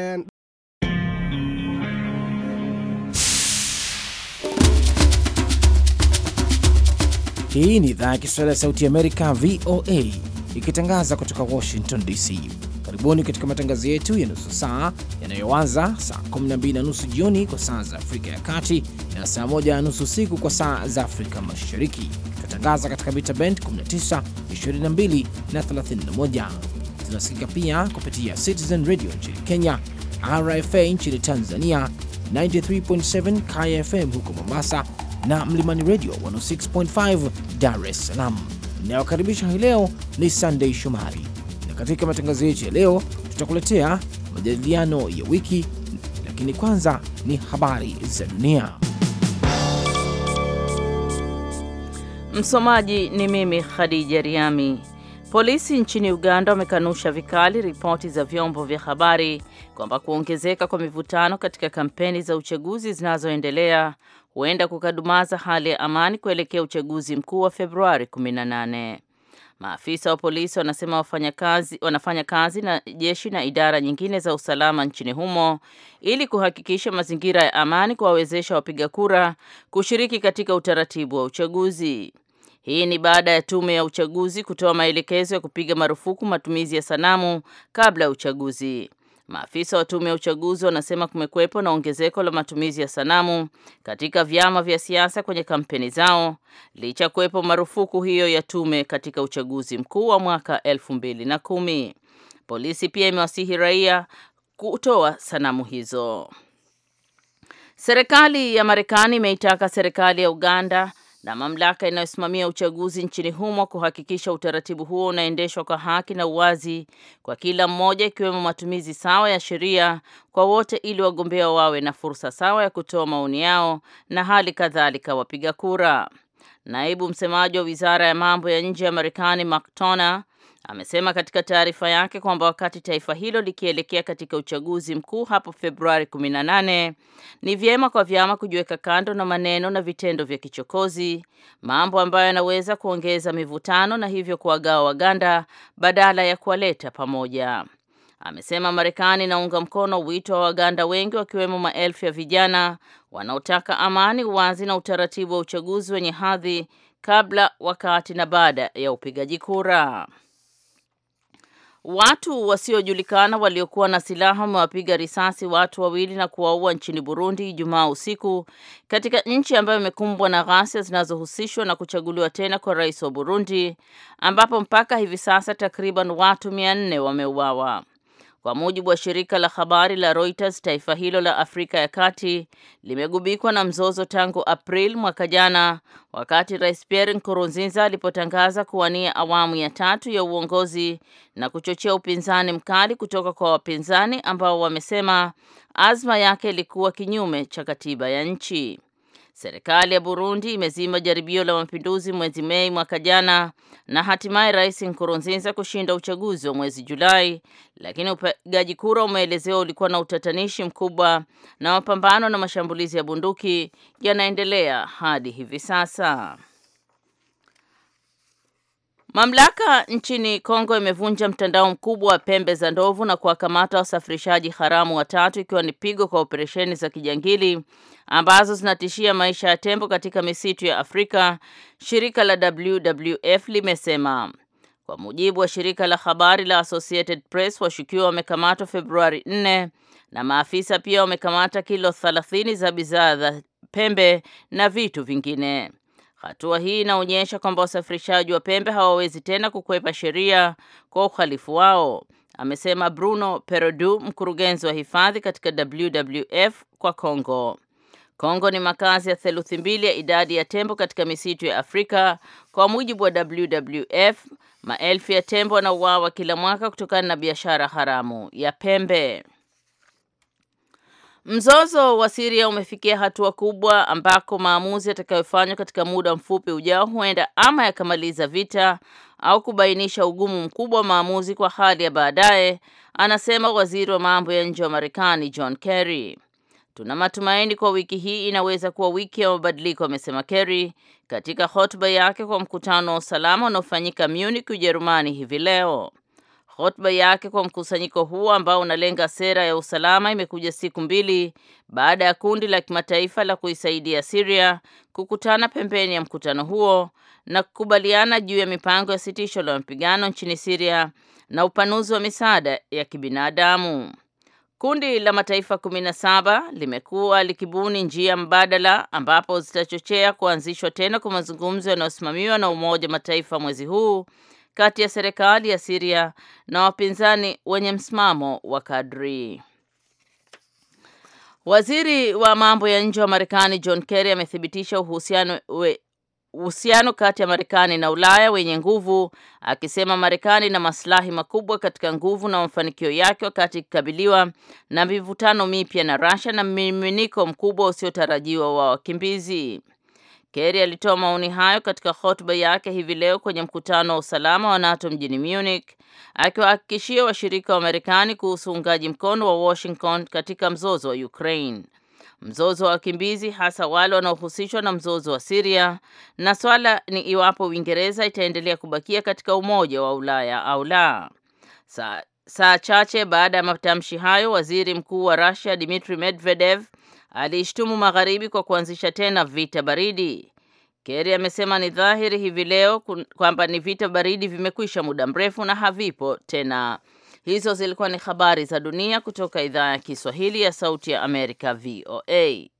And... Hii ni idhaa ya Kiswahili ya Sauti Amerika, VOA, ikitangaza kutoka Washington DC. Karibuni katika matangazo yetu ya nusu saa yanayoanza saa 12 na nusu jioni kwa saa za Afrika ya Kati na saa 1 na nusu usiku kwa saa za Afrika Mashariki. Tunatangaza katika mita bend 19, 22 na 31 zinasikika pia kupitia Citizen Radio nchini Kenya, RFA nchini Tanzania, 93.7 KFM huko Mombasa na Mlimani Radio 106.5 Dar es Salaam. Inayokaribisha hii leo ni Sunday Shomari, na katika matangazo yetu ya leo tutakuletea majadiliano ya wiki, lakini kwanza ni habari za dunia. Msomaji ni mimi Khadija Riami. Polisi nchini Uganda wamekanusha vikali ripoti za vyombo vya habari kwamba kuongezeka kwa mivutano katika kampeni za uchaguzi zinazoendelea huenda kukadumaza hali ya amani kuelekea uchaguzi mkuu wa Februari 18. Maafisa wa polisi wanasema wafanyakazi, wanafanya kazi na jeshi na idara nyingine za usalama nchini humo ili kuhakikisha mazingira ya amani kuwawezesha wapiga kura kushiriki katika utaratibu wa uchaguzi. Hii ni baada ya tume ya uchaguzi kutoa maelekezo ya kupiga marufuku matumizi ya sanamu kabla ya uchaguzi. Maafisa wa tume ya uchaguzi wanasema kumekuwepo na ongezeko la matumizi ya sanamu katika vyama vya siasa kwenye kampeni zao licha kuwepo marufuku hiyo ya tume katika uchaguzi mkuu wa mwaka elfu mbili na kumi. Polisi pia imewasihi raia kutoa sanamu hizo. Serikali ya Marekani imeitaka serikali ya Uganda na mamlaka inayosimamia uchaguzi nchini humo kuhakikisha utaratibu huo unaendeshwa kwa haki na uwazi kwa kila mmoja, ikiwemo matumizi sawa ya sheria kwa wote, ili wagombea wawe na fursa sawa ya kutoa maoni yao na hali kadhalika wapiga kura. Naibu msemaji wa wizara ya mambo ya nje ya Marekani, Mark Toner, Amesema katika taarifa yake kwamba wakati taifa hilo likielekea katika uchaguzi mkuu hapo Februari 18, ni vyema kwa vyama kujiweka kando na maneno na vitendo vya kichokozi, mambo ambayo yanaweza kuongeza mivutano na hivyo kuwagawa Waganda badala ya kuwaleta pamoja. Amesema Marekani inaunga mkono wito wa Waganda wengi wakiwemo maelfu ya vijana wanaotaka amani, uwazi na utaratibu wa uchaguzi wenye hadhi kabla, wakati na baada ya upigaji kura. Watu wasiojulikana waliokuwa na silaha wamewapiga risasi watu wawili na kuwaua nchini Burundi Ijumaa usiku katika nchi ambayo imekumbwa na ghasia zinazohusishwa na kuchaguliwa tena kwa rais wa Burundi ambapo mpaka hivi sasa takriban watu mia nne wameuawa. Kwa mujibu wa shirika la habari la Reuters, taifa hilo la Afrika ya Kati limegubikwa na mzozo tangu April mwaka jana, wakati Rais Pierre Nkurunziza alipotangaza kuwania awamu ya tatu ya uongozi na kuchochea upinzani mkali kutoka kwa wapinzani ambao wamesema azma yake ilikuwa kinyume cha katiba ya nchi. Serikali ya Burundi imezima jaribio la mapinduzi mwezi Mei mwaka jana na hatimaye Rais Nkurunziza kushinda uchaguzi wa mwezi Julai, lakini upigaji kura umeelezewa ulikuwa na utatanishi mkubwa na mapambano na mashambulizi ya bunduki yanaendelea hadi hivi sasa. Mamlaka nchini Kongo imevunja mtandao mkubwa wa pembe za ndovu na kuwakamata wasafirishaji haramu watatu ikiwa ni pigo kwa operesheni za kijangili ambazo zinatishia maisha ya tembo katika misitu ya Afrika, shirika la WWF limesema. Kwa mujibu wa shirika la habari la Associated Press, washukiwa wamekamatwa Februari 4 na maafisa pia wamekamata kilo 30 za bidhaa za pembe na vitu vingine. Hatua hii inaonyesha kwamba wasafirishaji wa pembe hawawezi tena kukwepa sheria kwa uhalifu wao, amesema Bruno Perodu, mkurugenzi wa hifadhi katika WWF kwa Kongo. Kongo ni makazi ya theluthi mbili ya idadi ya tembo katika misitu ya Afrika kwa mujibu wa WWF. Maelfu ya tembo wanauawa kila mwaka kutokana na biashara haramu ya pembe. Mzozo wa Syria umefikia hatua kubwa ambako maamuzi yatakayofanywa katika muda mfupi ujao huenda ama yakamaliza vita au kubainisha ugumu mkubwa wa maamuzi kwa hali ya baadaye, anasema waziri wa mambo ya nje wa Marekani John Kerry. Tuna matumaini kwa wiki hii inaweza kuwa wiki ya mabadiliko, amesema Kerry katika hotuba yake kwa mkutano wa usalama unaofanyika Munich, Ujerumani hivi leo. Hotuba yake kwa mkusanyiko huu ambao unalenga sera ya usalama imekuja siku mbili baada ya kundi la kimataifa la kuisaidia Syria kukutana pembeni ya mkutano huo na kukubaliana juu ya mipango ya sitisho la mapigano nchini Syria na upanuzi wa misaada ya kibinadamu. Kundi la mataifa 17 limekuwa likibuni njia mbadala ambapo zitachochea kuanzishwa tena kwa mazungumzo yanayosimamiwa na Umoja wa Mataifa mwezi huu kati ya serikali ya Siria na wapinzani wenye msimamo wa kadri. Waziri wa mambo ya nje wa Marekani John Kerry amethibitisha uhusiano we uhusiano kati ya Marekani na Ulaya wenye nguvu, akisema Marekani ina maslahi makubwa katika nguvu na mafanikio yake wakati ikikabiliwa na mivutano mipya na Russia na mmiminiko mkubwa usiotarajiwa wa wakimbizi. Kerry alitoa maoni hayo katika hotuba yake hivi leo kwenye mkutano wa usalama wa NATO mjini Munich, akiwahakikishia washirika wa Marekani kuhusu uungaji mkono wa Washington katika mzozo wa Ukraine. Mzozo wa wakimbizi hasa wale wanaohusishwa na mzozo wa Syria na swala ni iwapo Uingereza itaendelea kubakia katika Umoja wa Ulaya au la. Saa, saa chache baada ya matamshi hayo, Waziri Mkuu wa Russia Dmitry Medvedev aliishtumu Magharibi kwa kuanzisha tena vita baridi. Kerry amesema ni dhahiri hivi leo kwamba ni vita baridi vimekwisha muda mrefu na havipo tena. Hizo zilikuwa ni habari za dunia kutoka idhaa ya Kiswahili ya Sauti ya Amerika, VOA.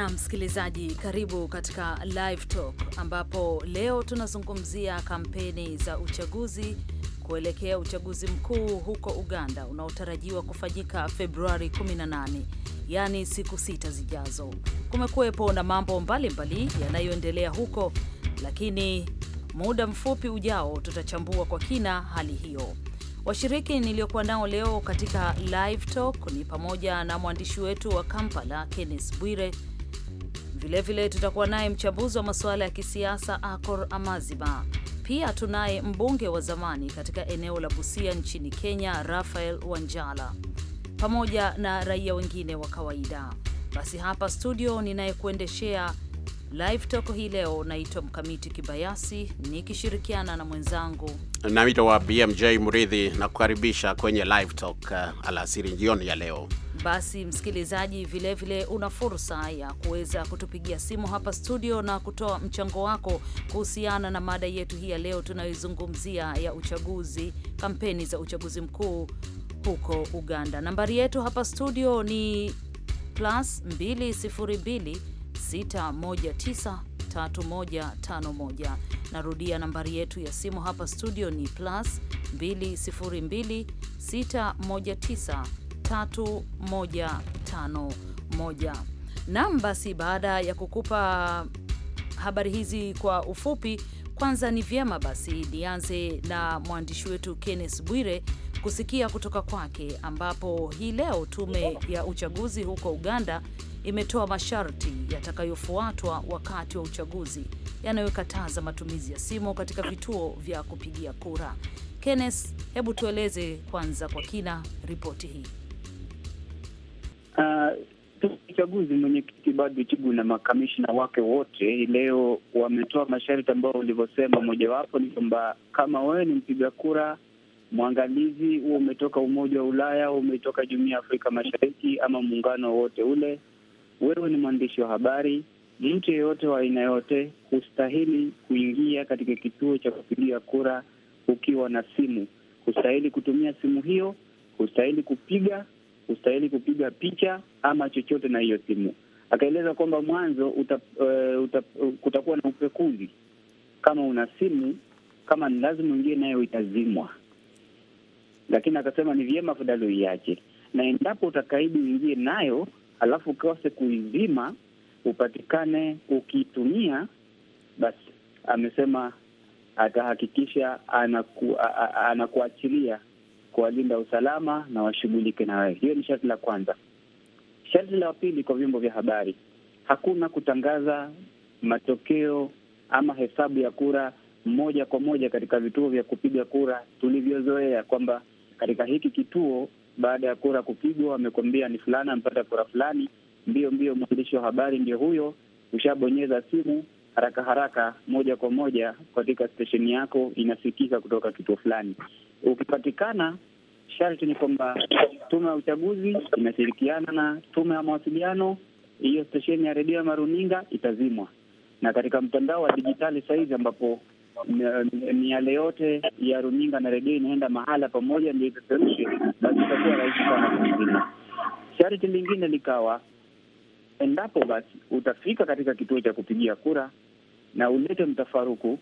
Na msikilizaji, karibu katika Live Talk ambapo leo tunazungumzia kampeni za uchaguzi kuelekea uchaguzi mkuu huko Uganda unaotarajiwa kufanyika Februari 18, yaani siku sita zijazo. Kumekuwepo na mambo mbalimbali yanayoendelea huko, lakini muda mfupi ujao tutachambua kwa kina hali hiyo. Washiriki niliyokuwa nao leo katika Live Talk ni pamoja na mwandishi wetu wa Kampala Kenneth Bwire Vilevile tutakuwa naye mchambuzi wa masuala ya kisiasa Akor Amaziba. Pia tunaye mbunge wa zamani katika eneo la Busia nchini Kenya, Rafael Wanjala, pamoja na raia wengine wa kawaida. Basi hapa studio ninayekuendeshea live talk hii leo naitwa Mkamiti Kibayasi nikishirikiana na mwenzangu naitwa BMJ Mridhi na kukaribisha kwenye live talk uh, alasiri jioni ya leo. Basi msikilizaji, vilevile una fursa ya kuweza kutupigia simu hapa studio na kutoa mchango wako kuhusiana na mada yetu hii ya leo tunayoizungumzia ya uchaguzi, kampeni za uchaguzi mkuu huko Uganda. Nambari yetu hapa studio ni plus 202 619 3151. Narudia nambari yetu ya simu hapa studio ni plus 202 619 1302551. Nam, basi baada ya kukupa habari hizi kwa ufupi, kwanza ni vyema basi nianze na mwandishi wetu Kenneth Bwire kusikia kutoka kwake, ambapo hii leo tume ya uchaguzi huko Uganda imetoa masharti yatakayofuatwa wakati wa uchaguzi yanayokataza matumizi ya simu katika vituo vya kupigia kura. Kenneth, hebu tueleze kwanza kwa kina ripoti hii. Uh, uchaguzi mwenyekiti bado Chigu na makamishna wake wote leo wametoa masharti ambayo ulivyosema, mojawapo ni kwamba kama wewe ni mpiga kura mwangalizi, huo umetoka Umoja wa Ulaya, umetoka Jumuiya ya Afrika Mashariki ama muungano wowote ule, wewe ni mwandishi wa habari, mtu yeyote wa aina yote, hustahili kuingia katika kituo cha kupigia kura ukiwa na simu. Hustahili kutumia simu hiyo, hustahili kupiga kustahili kupiga picha ama chochote na hiyo simu. Akaeleza kwamba mwanzo uta, uh, uta, uh, kutakuwa na upekuzi kama una simu, kama ni lazima uingie nayo itazimwa, lakini akasema ni vyema afadhali uiache, na endapo utakaidi uingie nayo alafu ukose kuizima, upatikane ukiitumia, basi amesema atahakikisha anaku, anakuachilia kuwalinda usalama na washughulike na wewe. Hiyo ni sharti la kwanza. Sharti la pili kwa vyombo vya habari, hakuna kutangaza matokeo ama hesabu ya kura moja kwa moja katika vituo vya kupiga kura tulivyozoea, kwamba katika hiki kituo baada ya kura kupigwa wamekwambia ni fulani amepata kura fulani, mbio mbio, mwandishi wa habari ndio huyo, ushabonyeza simu haraka haraka, moja kwa moja katika stesheni yako, inasikika kutoka kituo fulani ukipatikana sharti ni kwamba tume ya uchaguzi inashirikiana na tume ya mawasiliano, hiyo stesheni ya redio ya maruninga itazimwa. Na katika mtandao wa dijitali sahizi, ambapo miale yote ya runinga na redio inaenda mahala pamoja, ndio ipeperushe, basi itakuwa rahisi sana kuzima. Sharti lingine likawa, endapo basi utafika katika kituo cha kupigia kura na ulete mtafaruku,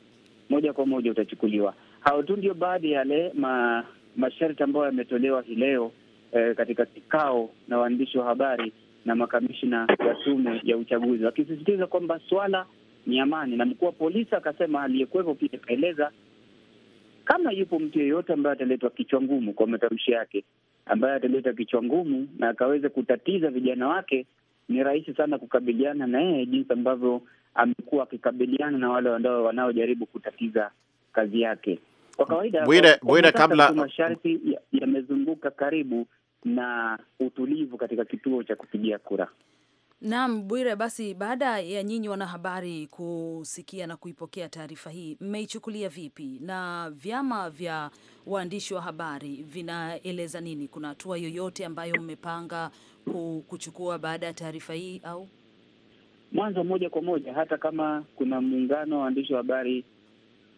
moja kwa moja utachukuliwa. Hao tu ndio baadhi ya yale ma, masharti ambayo yametolewa hii leo eh, katika kikao na waandishi wa habari na makamishna wa tume ya uchaguzi, wakisisitiza kwamba swala ni amani, na mkuu wa polisi akasema, aliyekuwepo pia akaeleza kama yupo mtu yeyote ambaye ataletwa kichwa ngumu, kwa matamshi yake, ambaye ataleta kichwa ngumu na akaweza kutatiza vijana wake, ni rahisi sana kukabiliana na yeye, jinsi ambavyo amekuwa akikabiliana na wale wanaojaribu kutatiza kazi yake. Kwa kawaida Bwire, Bwire, kabla masharti yamezunguka ya karibu na utulivu katika kituo cha kupigia kura. Naam, Bwire, basi baada ya nyinyi wanahabari kusikia na kuipokea taarifa hii, mmeichukulia vipi? Na vyama vya waandishi wa habari vinaeleza nini? Kuna hatua yoyote ambayo mmepanga kuchukua baada ya taarifa hii au mwanzo moja kwa moja? Hata kama kuna muungano wa waandishi wa habari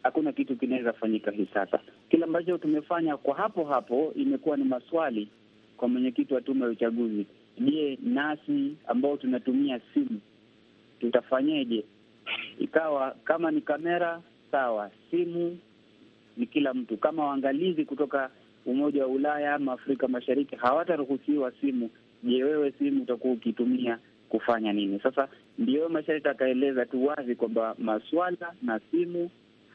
hakuna kitu kinaweza fanyika hii sasa. Kile ambacho tumefanya kwa hapo hapo imekuwa ni maswali kwa mwenyekiti wa tume ya uchaguzi. Je, nasi ambao tunatumia simu tutafanyeje? Ikawa kama ni kamera sawa, simu ni kila mtu. Kama waangalizi kutoka Umoja wa Ulaya ama Afrika Mashariki hawataruhusiwa simu, je, wewe simu utakuwa ukitumia kufanya nini? Sasa ndio masharti akaeleza tu wazi kwamba maswala na simu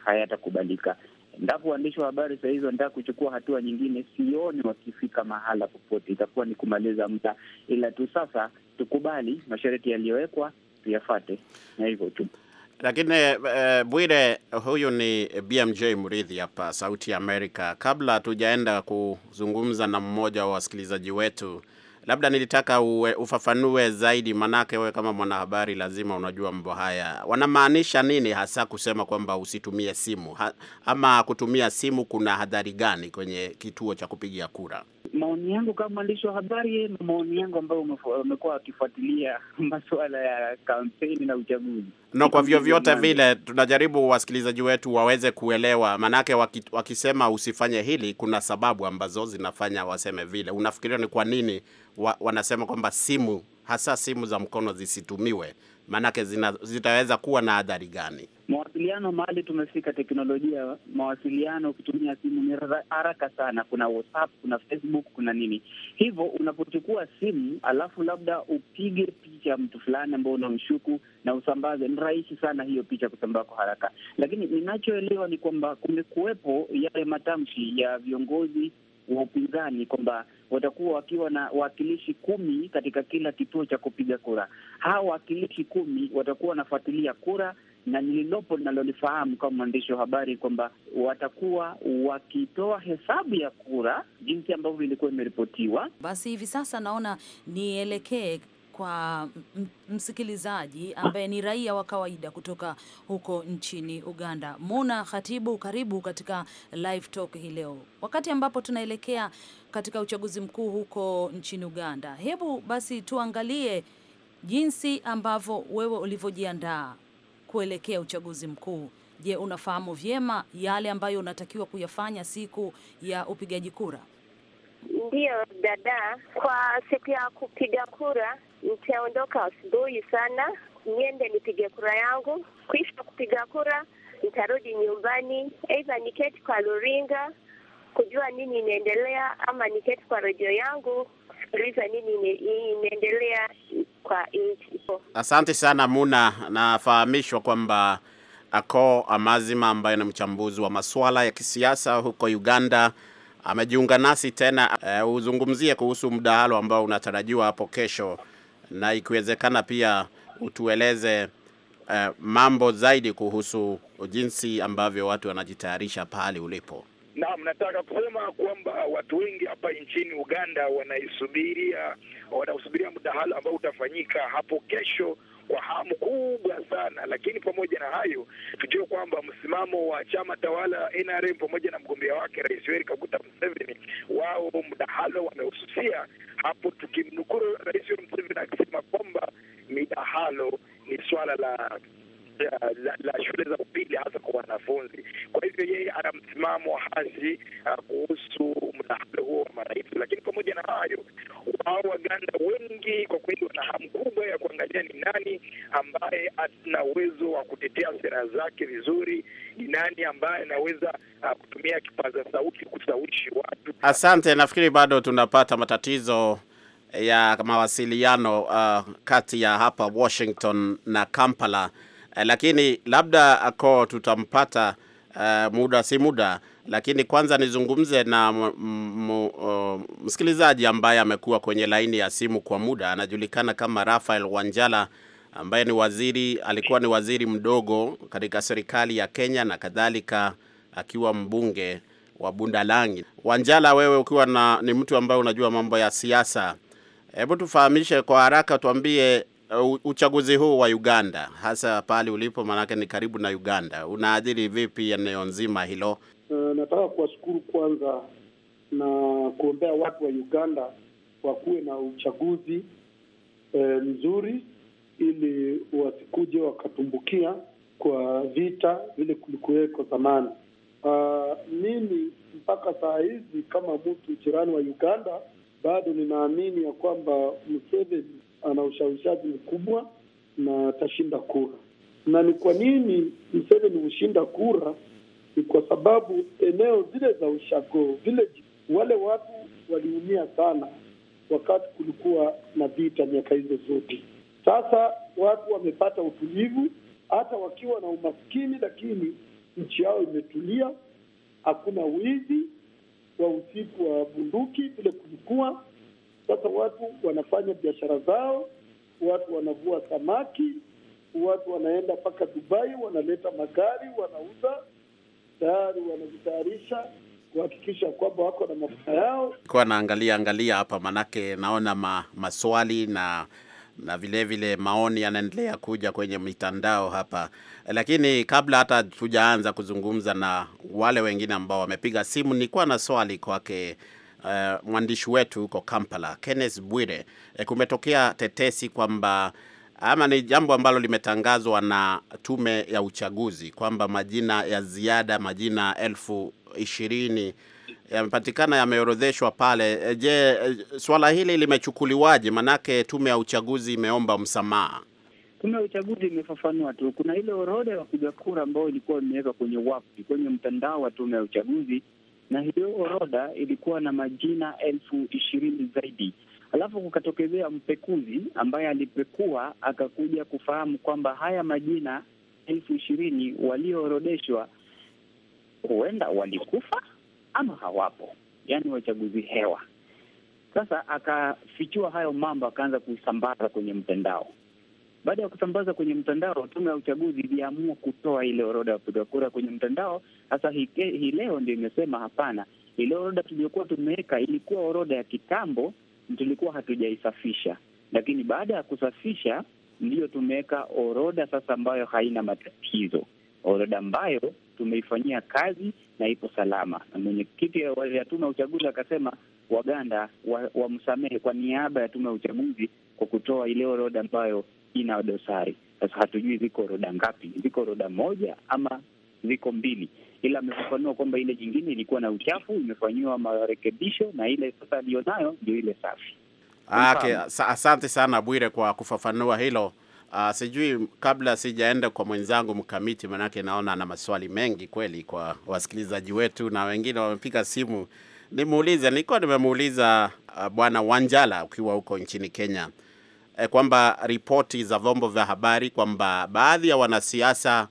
hayatakubalika. Endapo waandishi wa habari saa hizi wanataka kuchukua hatua nyingine, sioni wakifika mahala popote, itakuwa ni kumaliza muda. Ila tu sasa tukubali masharti yaliyowekwa, tuyafate na hivyo tu. Lakini e, Bwire, huyu ni BMJ Mridhi hapa Sauti ya Amerika. Kabla hatujaenda kuzungumza na mmoja wa wasikilizaji wetu labda nilitaka uwe, ufafanue zaidi, manake wewe kama mwanahabari lazima unajua mambo haya. Wanamaanisha nini hasa kusema kwamba usitumie simu ha, ama kutumia simu kuna hadhari gani kwenye kituo cha kupigia kura? Maoni yangu kama mwandishi wa habari na maoni yangu ambayo umekuwa akifuatilia masuala ya kampeni na uchaguzi, no, kwa vyovyote vile tunajaribu wasikilizaji wetu waweze kuelewa, maanake waki, wakisema usifanye hili, kuna sababu ambazo zinafanya waseme vile. Unafikiria ni kwa nini wa, wanasema kwamba simu hasa simu za mkono zisitumiwe, maanake zitaweza kuwa na adhari gani? Mawasiliano, mahali tumefika teknolojia, mawasiliano ukitumia simu ni haraka sana. Kuna WhatsApp, kuna Facebook, kuna nini hivyo. Unapochukua simu alafu labda upige picha mtu fulani ambao unamshuku na usambaze, ni rahisi sana hiyo picha kusambaa kwa haraka. Lakini ninachoelewa ni kwamba kumekuwepo yale matamshi ya viongozi wa upinzani kwamba watakuwa wakiwa na wawakilishi kumi katika kila kituo cha kupiga kura. Hawa wawakilishi kumi watakuwa wanafuatilia kura, na nililopo linalolifahamu kama mwandishi wa habari kwamba watakuwa wakitoa hesabu ya kura jinsi ambavyo ilikuwa imeripotiwa. Basi hivi sasa naona nielekee kwa msikilizaji ambaye ni raia wa kawaida kutoka huko nchini Uganda. Muna Khatibu, karibu katika live talk hii leo, wakati ambapo tunaelekea katika uchaguzi mkuu huko nchini Uganda. Hebu basi tuangalie jinsi ambavyo wewe ulivyojiandaa kuelekea uchaguzi mkuu. Je, unafahamu vyema yale ambayo unatakiwa kuyafanya siku ya upigaji kura? Ndiyo dada, kwa siku ya kupiga kura nitaondoka asubuhi sana niende nipige kura yangu. kuisha kupiga kura, nitarudi nyumbani, aidha niketi kwa luringa kujua nini inaendelea, ama niketi kwa redio yangu kusikiliza nini inaendelea kwa nchi. Asante sana Muna. Nafahamishwa kwamba Ako Amazima ambaye ni mchambuzi wa masuala ya kisiasa huko Uganda amejiunga nasi tena eh, uzungumzie kuhusu mdahalo ambao unatarajiwa hapo kesho na ikiwezekana pia utueleze uh, mambo zaidi kuhusu jinsi ambavyo watu wanajitayarisha pale ulipo. Naam, nataka kusema kwamba watu wengi hapa nchini Uganda wanaisubiria, wanausubiria mdahalo ambao utafanyika hapo kesho kwa hamu kubwa sana, lakini pamoja na hayo tujue kwamba msimamo wa chama tawala NRM pamoja na mgombea wake Rais Yoweri Kaguta Museveni, wao mdahalo wamehususia hapo, tukimnukuru Rais Yoweri Museveni akisema kwamba midahalo ni swala la la, la shule za upili hasa kwa wanafunzi. Kwa hivyo yeye ana msimamo hasi uh, kuhusu mdahalo huo wa marais. Lakini pamoja na hayo, wao Waganda wengi kwa kweli wana hamu kubwa ya kuangalia ni nani ambaye ana uwezo wa kutetea sera zake vizuri, ni nani ambaye anaweza uh, kutumia kipaza sauti kusawishi watu. Asante, nafikiri bado tunapata matatizo ya mawasiliano uh, kati ya hapa Washington na Kampala eh, lakini labda ako tutampata eh, muda si muda, lakini kwanza nizungumze na msikilizaji ambaye amekuwa kwenye laini ya simu kwa muda, anajulikana kama Rafael Wanjala ambaye ni waziri, alikuwa ni waziri mdogo katika serikali ya Kenya na kadhalika akiwa mbunge wa Bundalangi. Wanjala, wewe ukiwa na, ni mtu ambaye unajua mambo ya siasa, hebu tufahamishe kwa haraka, tuambie Eh, uchaguzi huu wa Uganda, hasa pale ulipo, maanake ni karibu na Uganda, unaathiri vipi eneo nzima hilo? Uh, nataka kuwashukuru kwanza na kuombea watu wa Uganda wakuwe na uchaguzi eh, mzuri ili wasikuje wakatumbukia kwa vita vile kulikuweko zamani. Uh, mimi mpaka saa hizi kama mtu jirani wa Uganda bado ninaamini ya kwamba Museveni ana ushawishaji mkubwa na atashinda kura. Na ni kwa nini mseveni hushinda kura? Ni kwa sababu eneo zile za ushago village, wale watu waliumia sana wakati kulikuwa na vita miaka hizo zote. Sasa watu wamepata utulivu, hata wakiwa na umaskini, lakini nchi yao imetulia, hakuna wizi wa usiku wa bunduki vile kulikuwa sasa watu wanafanya biashara zao, watu wanavua samaki, watu wanaenda mpaka Dubai, wanaleta magari, wanauza tayari, wanajitayarisha kuhakikisha kwamba wako na mafuta yao. Kwa naangalia angalia hapa, manake naona ma, maswali na na vilevile vile maoni yanaendelea kuja kwenye mitandao hapa, lakini kabla hata tujaanza kuzungumza na wale wengine ambao wamepiga simu, nilikuwa na swali kwake uh, mwandishi wetu huko Kampala Kenneth Bwire, eh, kumetokea tetesi kwamba ama ni jambo ambalo limetangazwa na tume ya uchaguzi kwamba majina ya ziada majina elfu ishirini yamepatikana yameorodheshwa pale. Eh, je, eh, swala hili limechukuliwaje? Manake tume ya uchaguzi imeomba msamaha. Tume ya uchaguzi imefafanua tu, kuna ile orodha ya wapiga kura ambayo ilikuwa imewekwa kwenye wapi, kwenye mtandao wa tume ya uchaguzi na hiyo orodha ilikuwa na majina elfu ishirini zaidi. Alafu kukatokezea mpekuzi ambaye alipekua akakuja kufahamu kwamba haya majina elfu ishirini walioorodeshwa huenda walikufa ama hawapo, yaani wachaguzi hewa. Sasa akafichua hayo mambo, akaanza kusambaza kwenye mtandao. Baada ya kusambaza kwenye mtandao, tume ya uchaguzi iliamua kutoa ile orodha ya wapiga kura kwenye mtandao. Sasa hii leo ndio imesema hapana, ile orodha tuliyokuwa tumeweka ilikuwa orodha ya kitambo, tulikuwa hatujaisafisha, lakini baada ya kusafisha ndiyo tumeweka orodha sasa ambayo haina matatizo, orodha ambayo tumeifanyia kazi na ipo salama. Na mwenyekiti ya tume ya uchaguzi akasema Waganda wamsamehe wa kwa niaba ya tume ya uchaguzi kwa kutoa ile orodha ambayo ina dosari. Sasa hatujui ziko roda ngapi, ziko roda moja ama ziko mbili, ila amefafanua kwamba ile jingine ilikuwa na uchafu, imefanyiwa marekebisho na ile sasa aliyonayo ndio ile safi. Ah, okay, asante sana Bwire kwa kufafanua hilo. Uh, sijui kabla sijaenda kwa mwenzangu mkamiti, manake naona ana maswali mengi kweli kwa wasikilizaji wetu na wengine wamepiga simu, nimuulize. Nilikuwa nimemuuliza uh, Bwana Wanjala ukiwa huko nchini Kenya eh, kwamba ripoti za vyombo vya habari kwamba baadhi ya wanasiasa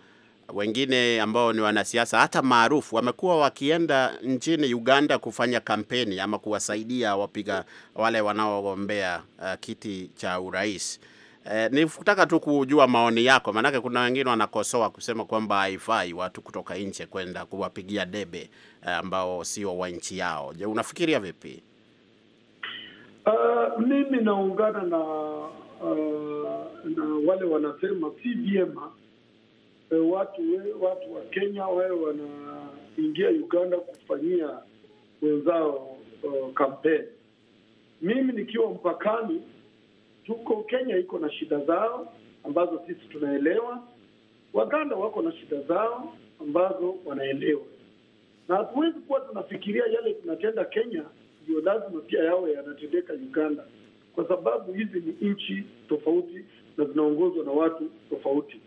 wengine ambao ni wanasiasa hata maarufu wamekuwa wakienda nchini Uganda kufanya kampeni ama kuwasaidia wapiga wale wanaogombea uh, kiti cha urais. Eh, nikutaka tu kujua maoni yako, maanake kuna wengine wanakosoa kusema kwamba haifai watu kutoka nje kwenda kuwapigia debe eh, ambao sio wa nchi yao. Je, unafikiria vipi? Uh, mimi naungana na uh, na wale wanasema si vyema uh, watu we, watu wa Kenya wawe wanaingia Uganda kufanyia wenzao kampeni. Uh, mimi nikiwa mpakani, tuko Kenya iko na shida zao ambazo sisi tunaelewa, Waganda wako na shida zao ambazo wanaelewa, na hatuwezi kuwa tunafikiria yale tunatenda Kenya ndio lazima pia yawe yanatendeka Uganda, kwa sababu hizi ni nchi tofauti na zinaongozwa na watu tofauti.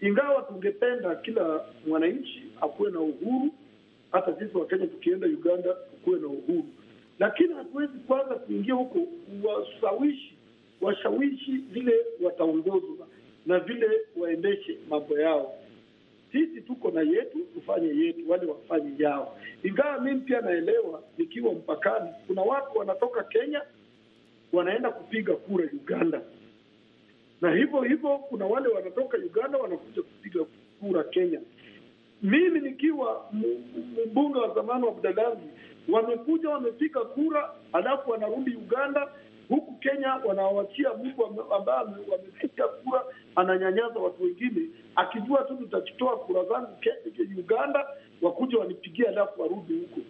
Ingawa tungependa kila mwananchi akuwe na uhuru, hata sisi Wakenya tukienda Uganda tukuwe na uhuru, lakini hatuwezi kwanza kuingia huko kuwashawishi washawishi vile wataongozwa na vile waendeshe mambo yao. Sisi tuko na yetu, tufanye yetu, wale wafanye yao. Ingawa mimi pia naelewa, nikiwa mpakani, kuna watu wanatoka Kenya wanaenda kupiga kura Uganda, na hivyo hivyo kuna wale wanatoka Uganda wanakuja kupiga kura Kenya. Mimi nikiwa mbunge wa zamani wa Budalangi, wamekuja wamepiga kura, alafu wanarudi Uganda, huku Kenya wanawachia mtu ambaye wamepiga kura ananyanyaza watu wengine, akijua tu nitachitoa kura zangu Uganda, wakuja wanipigia alafu warudi huko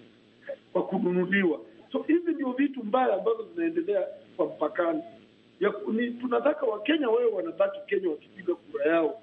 kwa kununuliwa. So hivi ndio vitu mbaya ambazo zinaendelea kwa mpakani ya, ni, tunataka Wakenya wawe wanabaki Kenya wakipiga kura yao,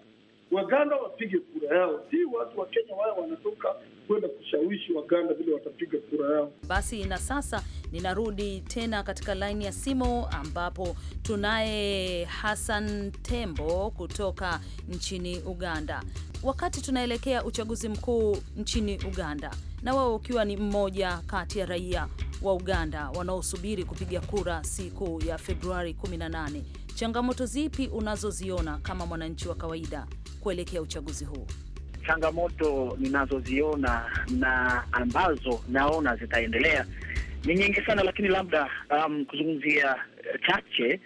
Waganda wapige kura yao, si watu wa Kenya wawe wanatoka kwenda kushawishi Waganda vile watapiga kura yao. Basi na sasa Ninarudi tena katika laini ya simu ambapo tunaye Hassan Tembo kutoka nchini Uganda. Wakati tunaelekea uchaguzi mkuu nchini Uganda, na wewe ukiwa ni mmoja kati ya raia wa Uganda wanaosubiri kupiga kura siku ya Februari 18, changamoto zipi unazoziona kama mwananchi wa kawaida kuelekea uchaguzi huu? Changamoto ninazoziona na ambazo naona zitaendelea ni nyingi sana, lakini labda um, kuzungumzia eh, chache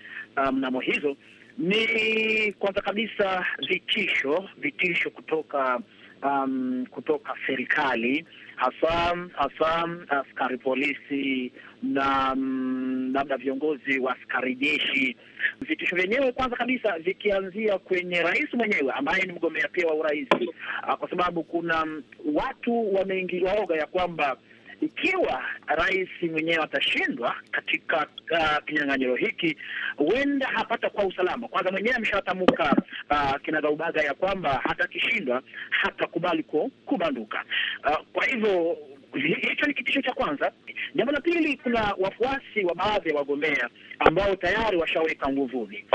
mnamo um, hizo ni kwanza kabisa vitisho, vitisho kutoka um, kutoka serikali hasa hasa askari polisi na mm, labda um, viongozi wa askari jeshi. Vitisho vyenyewe kwanza kabisa vikianzia kwenye rais mwenyewe ambaye ni mgombea pia wa uh, kwa sababu kuna mm, watu wameingiliwa oga ya kwamba ikiwa rais mwenyewe atashindwa katika uh, kinyang'anyiro hiki, huenda hapata kwa usalama. Kwanza mwenyewe ameshatamka uh, kinagaubaga ya kwamba hata akishindwa hatakubali kubanduka. Uh, kwa hivyo Hicho ni kitisho cha kwanza. Jambo la pili, kuna wafuasi wa baadhi ya wagombea ambao tayari washaweka nguvuni.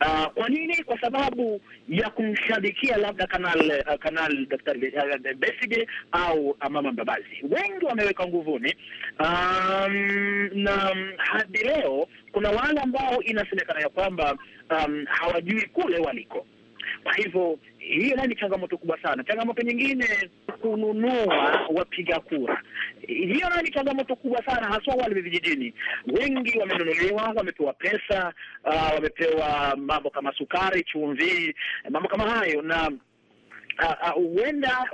Uh, ah, kwa nini? Kwa sababu ya kumshabikia labda kanal uh, kanal Daktari ah, Besige au mama Mbabazi, wengi wameweka nguvuni. Um, na hadi leo kuna wale ambao inasemekana ya kwamba um, hawajui kule waliko kwa hivyo hiyo nayo ni changamoto kubwa sana. Changamoto nyingine, kununua wapiga kura, hiyo nayo ni changamoto kubwa sana, haswa wale vijijini. Wengi wamenunuliwa, wamepewa pesa, uh, wamepewa mambo kama sukari, chumvi, mambo kama hayo na Ah, ah, huenda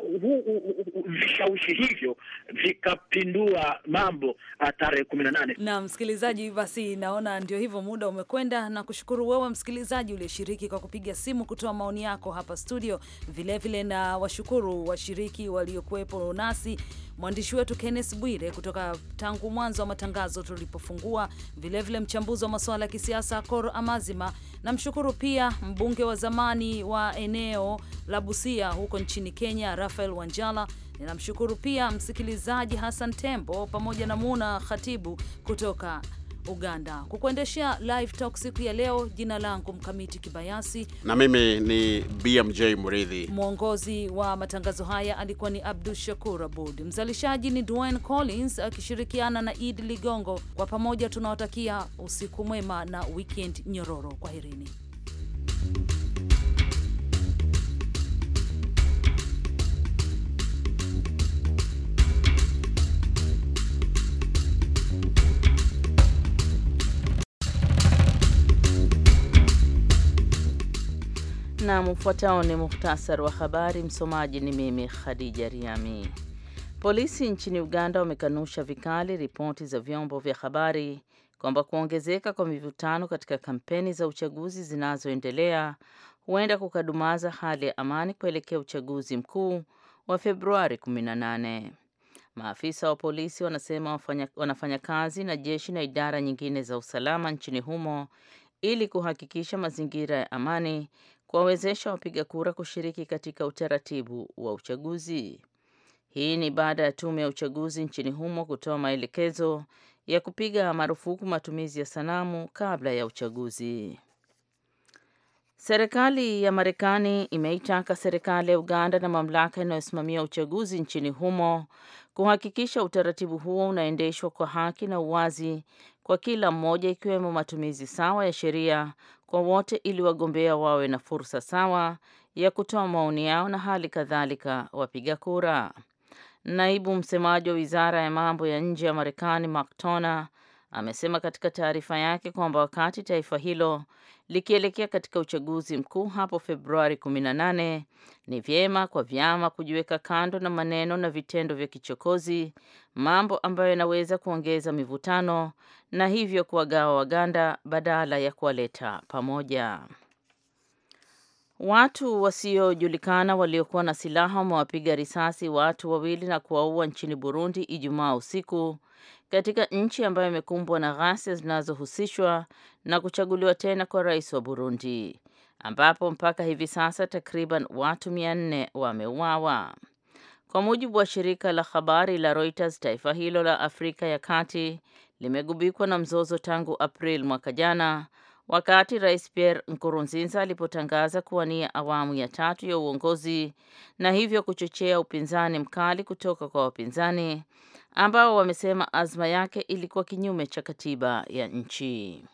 vishawishi hivyo vikapindua mambo ah, tarehe kumi na nane. Na msikilizaji, basi naona ndio hivyo, muda umekwenda, na kushukuru wewe msikilizaji ulieshiriki kwa kupiga simu kutoa maoni yako hapa studio, vilevile vile na washukuru washiriki waliokuwepo nasi mwandishi wetu kennes Bwire kutoka tangu mwanzo wa matangazo tulipofungua, vilevile mchambuzi wa masuala ya kisiasa Kor Amazima. Namshukuru pia mbunge wa zamani wa eneo la Busia huko nchini Kenya, Rafael Wanjala. Ninamshukuru pia msikilizaji Hassan Tembo pamoja na Muna Khatibu kutoka Uganda. Kukuendeshea live talk siku ya leo, jina langu Mkamiti Kibayasi na mimi ni BMJ Muridhi. Mwongozi wa matangazo haya alikuwa ni Abdu Shakur Abud, mzalishaji ni Dwayne Collins akishirikiana na Idi Ligongo. Kwa pamoja tunawatakia usiku mwema na weekend nyororo. Kwaherini. Na mfuatao ni muhtasari wa habari. Msomaji ni mimi Khadija Riami. Polisi nchini Uganda wamekanusha vikali ripoti za vyombo vya habari kwamba kuongezeka kwa mivutano katika kampeni za uchaguzi zinazoendelea huenda kukadumaza hali ya amani kuelekea uchaguzi mkuu wa Februari 18. Maafisa wa polisi wanasema wafanya, wanafanya kazi na jeshi na idara nyingine za usalama nchini humo ili kuhakikisha mazingira ya amani kuwawezesha wapiga kura kushiriki katika utaratibu wa uchaguzi. Hii ni baada ya tume ya uchaguzi nchini humo kutoa maelekezo ya kupiga marufuku matumizi ya sanamu kabla ya uchaguzi. Serikali ya Marekani imeitaka serikali ya Uganda na mamlaka inayosimamia uchaguzi nchini humo kuhakikisha utaratibu huo unaendeshwa kwa haki na uwazi kwa kila mmoja, ikiwemo matumizi sawa ya sheria kwa wote, ili wagombea wawe na fursa sawa ya kutoa maoni yao na hali kadhalika wapiga kura. Naibu msemaji wa wizara ya mambo ya nje ya Marekani Mark Toner amesema katika taarifa yake kwamba wakati taifa hilo likielekea katika uchaguzi mkuu hapo Februari 18, ni vyema kwa vyama kujiweka kando na maneno na vitendo vya kichokozi, mambo ambayo yanaweza kuongeza mivutano na hivyo kuwagawa Waganda badala ya kuwaleta pamoja. Watu wasiojulikana waliokuwa na silaha wamewapiga risasi watu wawili na kuwaua nchini Burundi Ijumaa usiku katika nchi ambayo imekumbwa na ghasia zinazohusishwa na kuchaguliwa tena kwa rais wa Burundi, ambapo mpaka hivi sasa takriban watu 400 wameuawa. Kwa mujibu wa shirika la habari la Reuters, taifa hilo la Afrika ya Kati limegubikwa na mzozo tangu April mwaka jana wakati Rais Pierre Nkurunziza alipotangaza kuwania awamu ya tatu ya uongozi na hivyo kuchochea upinzani mkali kutoka kwa wapinzani ambao wamesema azma yake ilikuwa kinyume cha katiba ya nchi.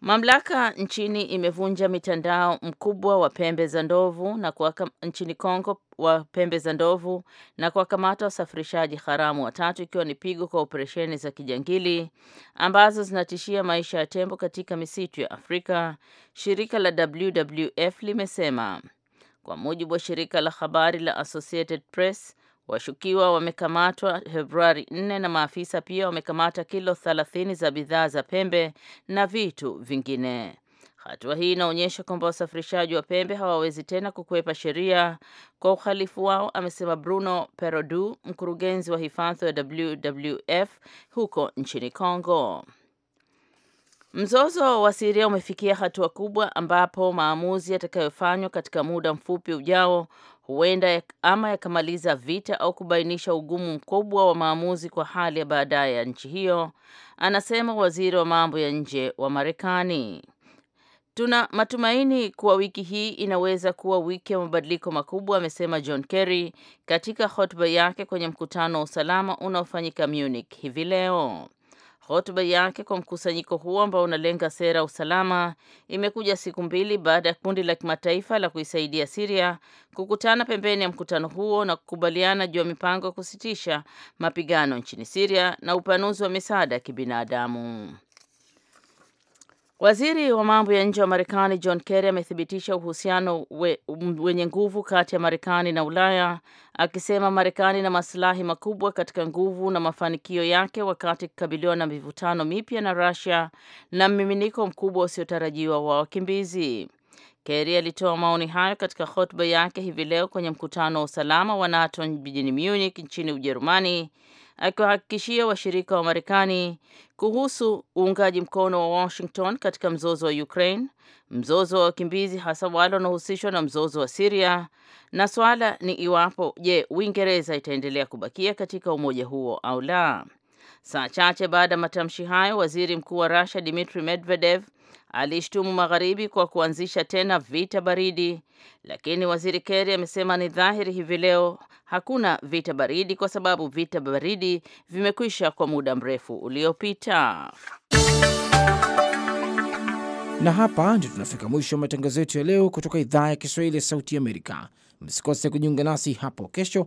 Mamlaka nchini imevunja mitandao mkubwa wa pembe za ndovu na kuwaka, nchini Kongo wa pembe za ndovu na kuwakamata wasafirishaji haramu watatu ikiwa ni pigo kwa operesheni za kijangili ambazo zinatishia maisha ya tembo katika misitu ya Afrika, shirika la WWF limesema. Kwa mujibu wa shirika la habari la Associated Press, Washukiwa wamekamatwa Februari 4 na maafisa pia wamekamata kilo 30 za bidhaa za pembe na vitu vingine. Hatua hii inaonyesha kwamba wasafirishaji wa pembe hawawezi tena kukwepa sheria kwa uhalifu wao, amesema Bruno Perodu, mkurugenzi wa hifadhi ya WWF huko nchini Kongo. Mzozo wa Siria umefikia hatua kubwa ambapo maamuzi yatakayofanywa katika muda mfupi ujao huenda ama yakamaliza vita au kubainisha ugumu mkubwa wa maamuzi kwa hali ya baadaye ya nchi hiyo, anasema waziri wa mambo ya nje wa Marekani. Tuna matumaini kuwa wiki hii inaweza kuwa wiki ya mabadiliko makubwa, amesema John Kerry katika hotuba yake kwenye mkutano wa usalama unaofanyika Munich hivi leo. Hotuba yake kwa mkusanyiko huo ambao unalenga sera ya usalama imekuja siku mbili baada ya kundi la kimataifa la kuisaidia Siria kukutana pembeni ya mkutano huo na kukubaliana juu ya mipango ya kusitisha mapigano nchini Siria na upanuzi wa misaada ya kibinadamu. Waziri wa mambo ya nje wa Marekani John Kerry amethibitisha uhusiano we, wenye nguvu kati ya Marekani na Ulaya akisema Marekani ina masilahi makubwa katika nguvu na mafanikio yake wakati ikikabiliwa na mivutano mipya na Russia na mmiminiko mkubwa usiotarajiwa wa wakimbizi. Kerry alitoa maoni hayo katika hotuba yake hivi leo kwenye mkutano wa usalama wa NATO mjini Munich nchini Ujerumani akiwahakikishia washirika wa Marekani kuhusu uungaji mkono wa Washington katika mzozo wa Ukraine, mzozo wa wakimbizi, hasa wale wanaohusishwa na mzozo wa Syria, na swala ni iwapo, je, Uingereza itaendelea kubakia katika umoja huo au la. Saa chache baada ya matamshi hayo, waziri mkuu wa Russia Dmitry Medvedev alishtumu Magharibi kwa kuanzisha tena vita baridi, lakini Waziri Kerry amesema ni dhahiri hivi leo hakuna vita baridi kwa sababu vita baridi vimekwisha kwa muda mrefu uliopita. Na hapa ndio tunafika mwisho wa matangazo yetu ya leo kutoka idhaa ya Kiswahili ya Sauti Amerika. Msikose kujiunga nasi hapo kesho